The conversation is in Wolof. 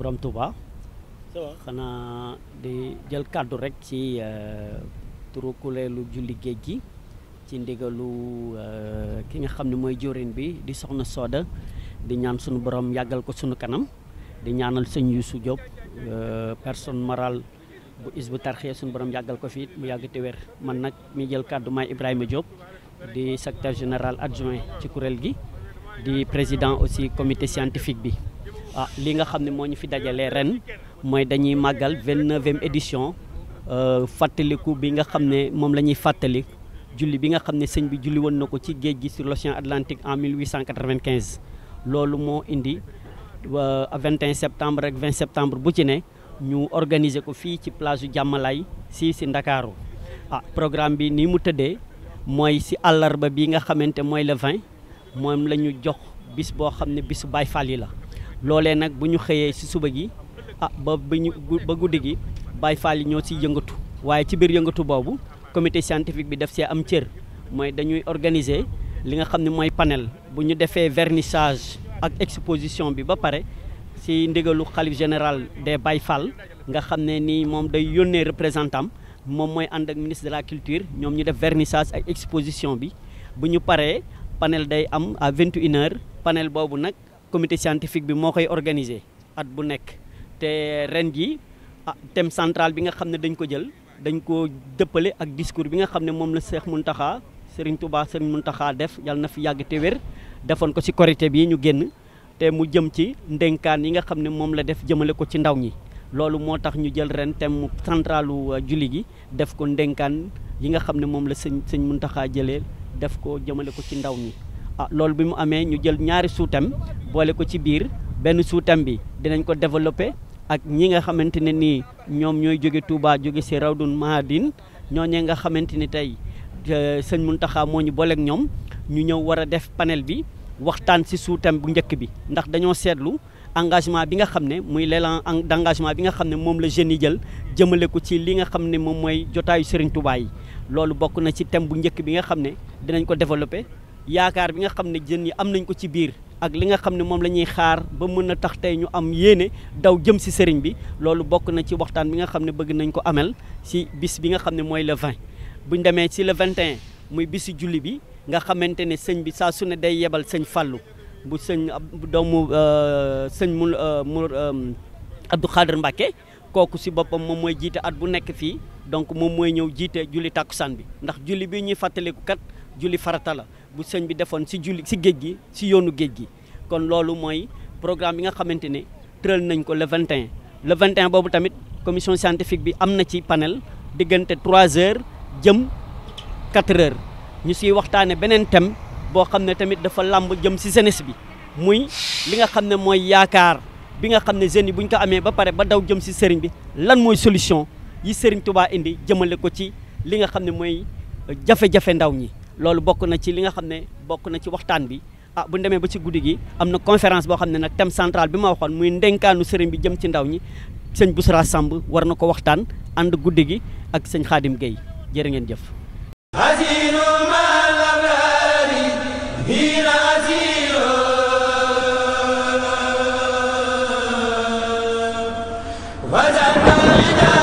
borom Touba xanaa di jël kàddu rekk ci euh, turu kuréelu julli géej gi ci ndigalu euh, ki nga xam ni mooy jórin bi di soxna Soda di ñaan suñu borom yagal ko suñu kanam di ñaanal sëñ Youssou job euh, personne moral bu is bu suñu borom yagal ko fi mu yag te wér man nak mi jël kàddu may Ibrahima job di secrétaire général adjoint ci kurel gi di président aussi comité scientifique bi ah li nga xamné ne ñu fi dajalé ren moy dañuy magal 29e édition euh, fateliku bi nga xamné mom lañuy la julli bi nga xamné señ bi julli won nako ci géej gi sur l'océan Atlantique en 1895 loolu moo indi 21 euh, septembre rek 20 septembre bu ci ne ñu organiser ko fii ci plage u Jàmmalaay si si Ndakaaru ah programme bi ni mu tëddee mooy si àllarba bi nga xamante mooy le 20 moom la ñu jox bis boo xam ne bisu Baay Faal yi la loolee nag bu ñu xëyee si suba gi a ah, ba ba guddi gi Baay Faal yi ñoo siy yëngatu waaye ci biir yëngatu boobu comité scientifique bi def see am cër mooy dañuy organiser li nga xam moy panel bu ñu defee vernissage ak exposition bi ba paré ci ndigalu xalif général des Baye Fall nga xamné ni mom day yónnee représentant mom moy and ak ministre de la culture ñom ñu def vernissage ak exposition bi bu ñu panel day am à 21 h panel bobu nak comité scientifique bi mo koy organiser at bu nek té ren gi ah, thème central bi nga xamné dañ ko jël dañ ko dëppale ak discours bi nga xamné mom la Cheikh Mountakha Serigne Touba Serigne Mountakha def yàlla na fi yàgg te wér defoon ko ci korité bi ñu génn te mu jëm ci ndénkaan yi nga xam ne moom la def jëmale ko ci ndaw ñi loolu moo tax ñu jël ren thème mu centralu euh, julli gi def ko ndénkaan yi nga xam ne moom la sëñ sëñ Mountakha jëlee def ko jëmale ko ci ndaw ñi a ah, loolu bi mu amee ñu jël ñaari sous boole ko ci biir benn sous bi dinañ ko développer ak ñi nga xamante ne nii ñoom ñooy jóge Touba jóge ci Rawdun Mahadin ñooñee nga xamante ni tey sëñ taxa moo ñu booleeg ñoom ñu ñëw war a def panel bi waxtaan si suutam bu njëkk bi ndax dañoo seetlu engagement bi nga xam ne muy l'élan d'engagement bi nga xam ne moom la jeunes yi jël jëmale ko ci li nga xam ne moom mooy jotaayu Serigne Touba loolu bokk na ci thème bu njëkk bi nga xam ne dinañ ko développer yaakaar bi nga xam ne jeunes yi am nañ ko ci biir ak li nga xam ne moom la ñuy xaar ba mën a tax tey ñu am yéene daw jëm si sëriñ bi loolu bokk na ci waxtaan bi nga xam ne bëgg nañ ko ameel si bis bi nga xam ne mooy le 20 buñ démé ci le 21 muy bisu julli bi nga xamantene señ bi sa su day yebal señ fallu bu señ doomu señ mu mu abdou xadr mbake koku ci bopam mom moy jité at bu nek fi donc mom moy ñew jité julli takusan bi ndax julli bi ñuy ko kat julli farata la bu señ bi defon si julli si geejgi ci si yoonu geejgi kon lolu moy programme bi nga xamantene ne nañ ko le 21 le 21 bobu tamit commission scientifique bi amna ci panel digënté 3 heures jëm 4 heures ñu siy waxtaane beneen thème boo xam ne tamit dafa lamb jëm si jeunesse bi muy li nga xam ne mooy yaakaar bi nga xam ne jeunes yi bu ñu ko amee ba pare ba daw jëm si sëriñ bi lan mooy solution yi sëriñ tubaa indi jëmale ko ci li nga xam ne mooy jafe ndaw ñi loolu bokk na ci li nga xam ne bokk na ci waxtaan bi ah bu ñu demee ba ci guddi gi am na conférence boo xam ne nag thème central bi ma waxoon muy ndenkaanu sëriñ bi jëm ci ndaw ñi sëñ Bousra Samb war na ko waxtaan ànd guddi gi ak sëñ Xaadim jërë ngeen jëf What's up,